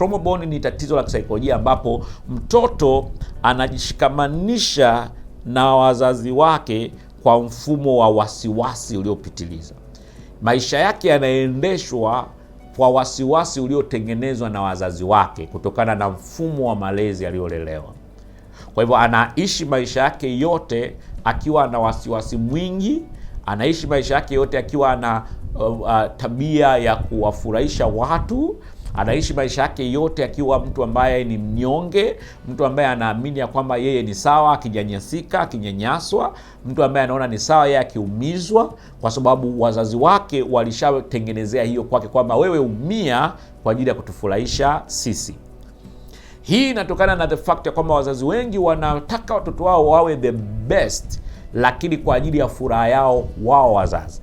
Trauma bond ni tatizo la kisaikolojia ambapo mtoto anajishikamanisha na wazazi wake kwa mfumo wa wasiwasi uliopitiliza. Maisha yake yanaendeshwa kwa wasiwasi uliotengenezwa na wazazi wake kutokana na mfumo wa malezi aliyolelewa. Kwa hivyo anaishi maisha yake yote akiwa na wasiwasi mwingi, anaishi maisha yake yote akiwa na uh, uh, tabia ya kuwafurahisha watu Anaishi maisha yake yote akiwa mtu ambaye ni mnyonge, mtu ambaye anaamini ya kwamba yeye ni sawa akinyanyasika, akinyanyaswa, mtu ambaye anaona ni sawa yeye akiumizwa, kwa sababu wazazi wake walishatengenezea hiyo kwake kwamba wewe umia kwa ajili ya kutufurahisha sisi. Hii inatokana na the fact ya kwamba wazazi wengi wanataka watoto wao wawe the best, lakini kwa ajili ya furaha yao wao wazazi.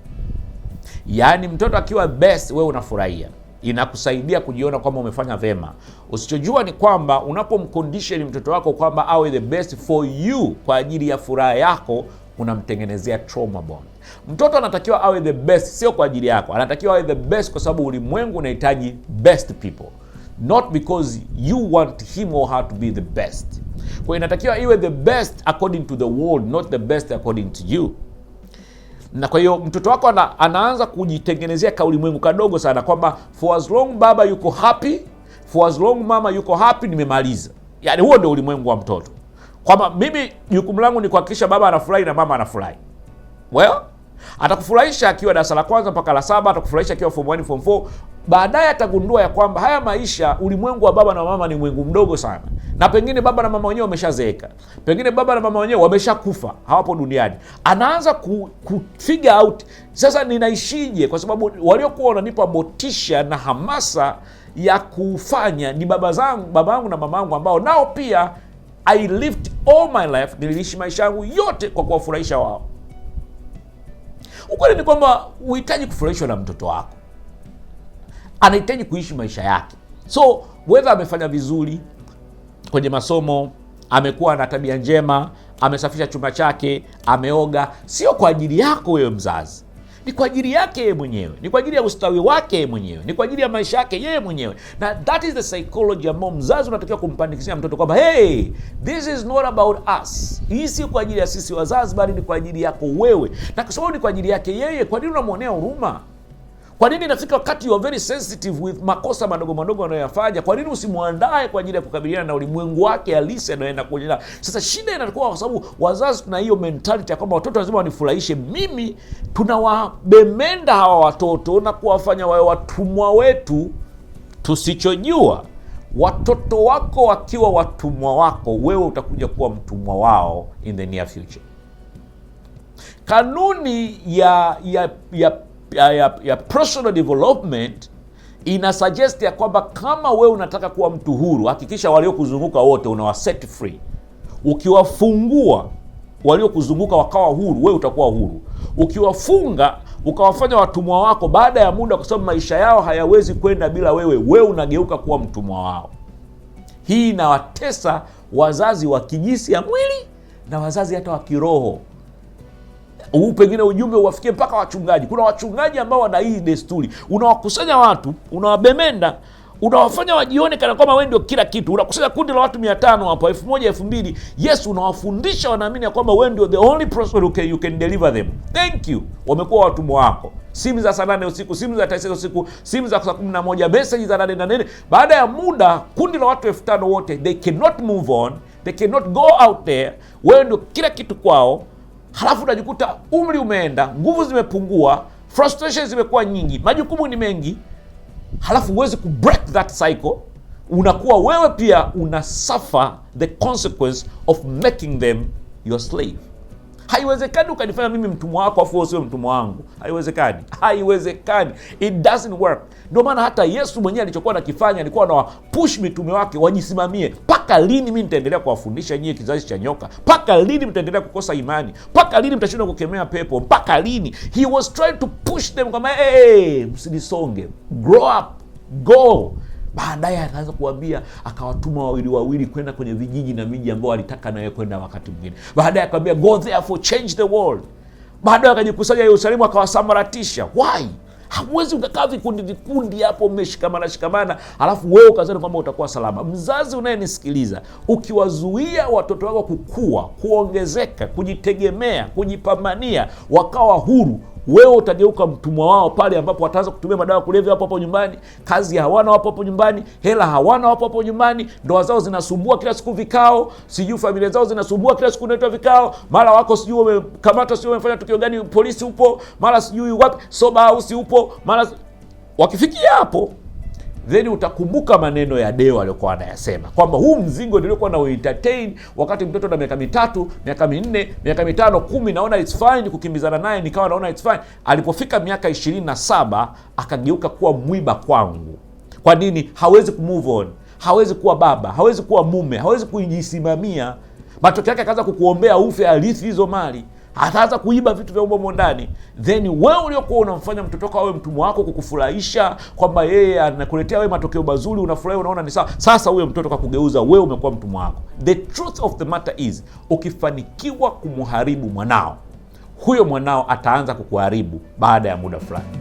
Yaani mtoto akiwa best, wewe unafurahia inakusaidia kujiona kwamba umefanya vema. Usichojua ni kwamba unapomkondisheni mtoto wako kwamba awe the best for you kwa ajili ya furaha yako unamtengenezea trauma bond. Mtoto anatakiwa awe the best, sio kwa ajili yako, anatakiwa awe the best kwa sababu ulimwengu unahitaji best people, not because you want him or her to be the best. Kwa inatakiwa iwe the best according to the world, not the best according to you na kwa hiyo mtoto wako ana, anaanza kujitengenezea mwengu kadogo sana kwamba for as long baba yuko happy, for as long mama yuko happy, nimemaliza. Yani huo ndio ulimwengu wa mtoto, kwamba mimi jukumu langu ni kuhakikisha baba anafurahi na mama anafurahi well Atakufurahisha akiwa darasa la kwanza mpaka la saba, atakufurahisha akiwa form 1 form 4. Baadaye atagundua ya kwamba haya maisha, ulimwengu wa baba na mama ni mwengu mdogo sana, na pengine baba na mama wenyewe wameshazeeka, pengine baba na mama wenyewe wameshakufa, hawapo duniani. Anaanza ku, ku figure out sasa ninaishije, kwa sababu waliokuwa wananipa motisha na hamasa ya kufanya ni baba zangu, baba yangu na mama yangu, ambao nao pia I lived all my life, niliishi maisha yangu yote kwa kuwafurahisha wao. Ukweli ni kwamba uhitaji kufurahishwa na mtoto wako, anahitaji kuishi maisha yake. So whether amefanya vizuri kwenye masomo, amekuwa na tabia njema, amesafisha chumba chake, ameoga, sio kwa ajili yako wewe mzazi ni kwa ajili yake yeye mwenyewe, ni kwa ajili ya ustawi wake yeye mwenyewe, ni kwa ajili ya maisha yake yeye mwenyewe, na that is the psychology ambao mzazi unatakiwa kumpandikizia mtoto kwamba hey, this is not about us, hii si kwa ajili ya sisi wazazi, bali ni kwa ajili yako wewe, na kwa sababu ni kwa ajili yake yeye, kwa nini unamwonea huruma? Kwa nini inafika wakati you very sensitive with makosa madogo madogo anayoyafanya? Kwa nini usimwandae kwa ajili ya kukabiliana na ulimwengu wake halisi anayoenda kuendelea? Sasa shida inakuwa kwa sababu wazazi tuna hiyo mentality ya kwamba watoto lazima wanifurahishe mimi. Tunawabemenda hawa watoto na kuwafanya wawe watumwa wetu tusichojua. Watoto wako wakiwa watumwa wako, wewe utakuja kuwa mtumwa wao in the near future. Kanuni ya ya ya ya, ya personal development ina suggest ya kwamba kama wewe unataka kuwa mtu huru, hakikisha waliokuzunguka wote unawa set free. Ukiwafungua waliokuzunguka wakawa huru, wewe utakuwa huru. Ukiwafunga ukawafanya watumwa wako, baada ya muda, kwa sababu maisha yao hayawezi kwenda bila wewe, wewe unageuka kuwa mtumwa wao. Hii inawatesa wazazi wa kijisi ya mwili na wazazi hata wa kiroho huu pengine ujumbe uwafikie mpaka wachungaji. Kuna wachungaji ambao wana hii desturi, unawakusanya watu, unawabemenda unawafanya wajione kana kwamba wewe ndio kila kitu. Unakusanya kundi la watu mia tano hapo, elfu moja elfu mbili yes, unawafundisha wanaamini ya kwamba wewe ndio the only person who can, you can deliver them. Thank you, wamekuwa watumwa wako. Simu za saa nane usiku, simu za tisa usiku, simu za saa kumi na moja meseji za nane na nene. Baada ya muda, kundi la watu elfu tano wote, they cannot move on, they cannot go out there. Wewe ndio kila kitu kwao halafu unajikuta umri umeenda, nguvu zimepungua, frustration zimekuwa nyingi, majukumu ni mengi, halafu huwezi ku break that cycle. Unakuwa wewe pia unasuffer the consequence of making them your slave. Haiwezekani ukanifanya mimi mtumwa wako afu usiwe mtumwa wangu. Haiwezekani, haiwezekani, it doesn't work. Ndio maana hata Yesu mwenyewe alichokuwa anakifanya alikuwa push mitume wake wajisimamie. Mpaka lini mimi nitaendelea kuwafundisha nyie kizazi cha nyoka? Mpaka lini mtaendelea kukosa imani? Mpaka lini mtashindwa kukemea pepo? Mpaka lini? He was trying to push them kwamba hey, msinisonge, grow up, go Baadaye akaanza kuambia, akawatuma wawili wawili kwenda kwenye vijiji na miji ambao alitaka nawe kwenda wakati mwingine. Baadaye akawambia, go therefore change the world. Baadaye akajikusanya Yerusalemu, akawasamaratisha. Why? Hamwezi ukakaa vikundi vikundi hapo mmeshikamana shikamana, alafu wewe ukazani kwamba utakuwa salama. Mzazi unayenisikiliza, ukiwazuia watoto wako kukua, kuongezeka, kujitegemea, kujipambania, wakawa huru wewe utageuka mtumwa wao pale ambapo wataanza kutumia madawa kulevya hapo hapo nyumbani. Kazi hawana hapo hapo nyumbani, hela hawana hapo hapo nyumbani, ndoa zao zinasumbua kila siku vikao, sijui familia zao zinasumbua kila siku, naitwa vikao, mara wako sijui wamekamata, sijui wamefanya tukio gani, polisi upo, mara sijui wapi, soba hausi upo, mara wakifikia hapo then utakumbuka maneno ya Deo aliyokuwa anayasema kwamba huu mzigo niliokuwa na entertain wakati mtoto na miaka mitatu, miaka minne, miaka mitano, kumi, naona it's fine kukimbizana naye, nikawa naona it's fine. Alipofika miaka ishirini na saba akageuka kuwa mwiba kwangu. Kwa nini? Hawezi kumove on, hawezi kuwa baba, hawezi kuwa mume, hawezi kujisimamia. Matokeo yake akaanza kukuombea ufe, arithi hizo mali ataanza kuiba vitu vya ubomo ndani, then wewe uliokuwa unamfanya mtoto wako awe mtumwa wako, kukufurahisha kwamba yeye anakuletea wewe matokeo mazuri, unafurahi, unaona ni sawa. Sasa huyo mtoto kakugeuza wewe, umekuwa mtumwa wako. The truth of the matter is, ukifanikiwa kumharibu mwanao, huyo mwanao ataanza kukuharibu baada ya muda fulani.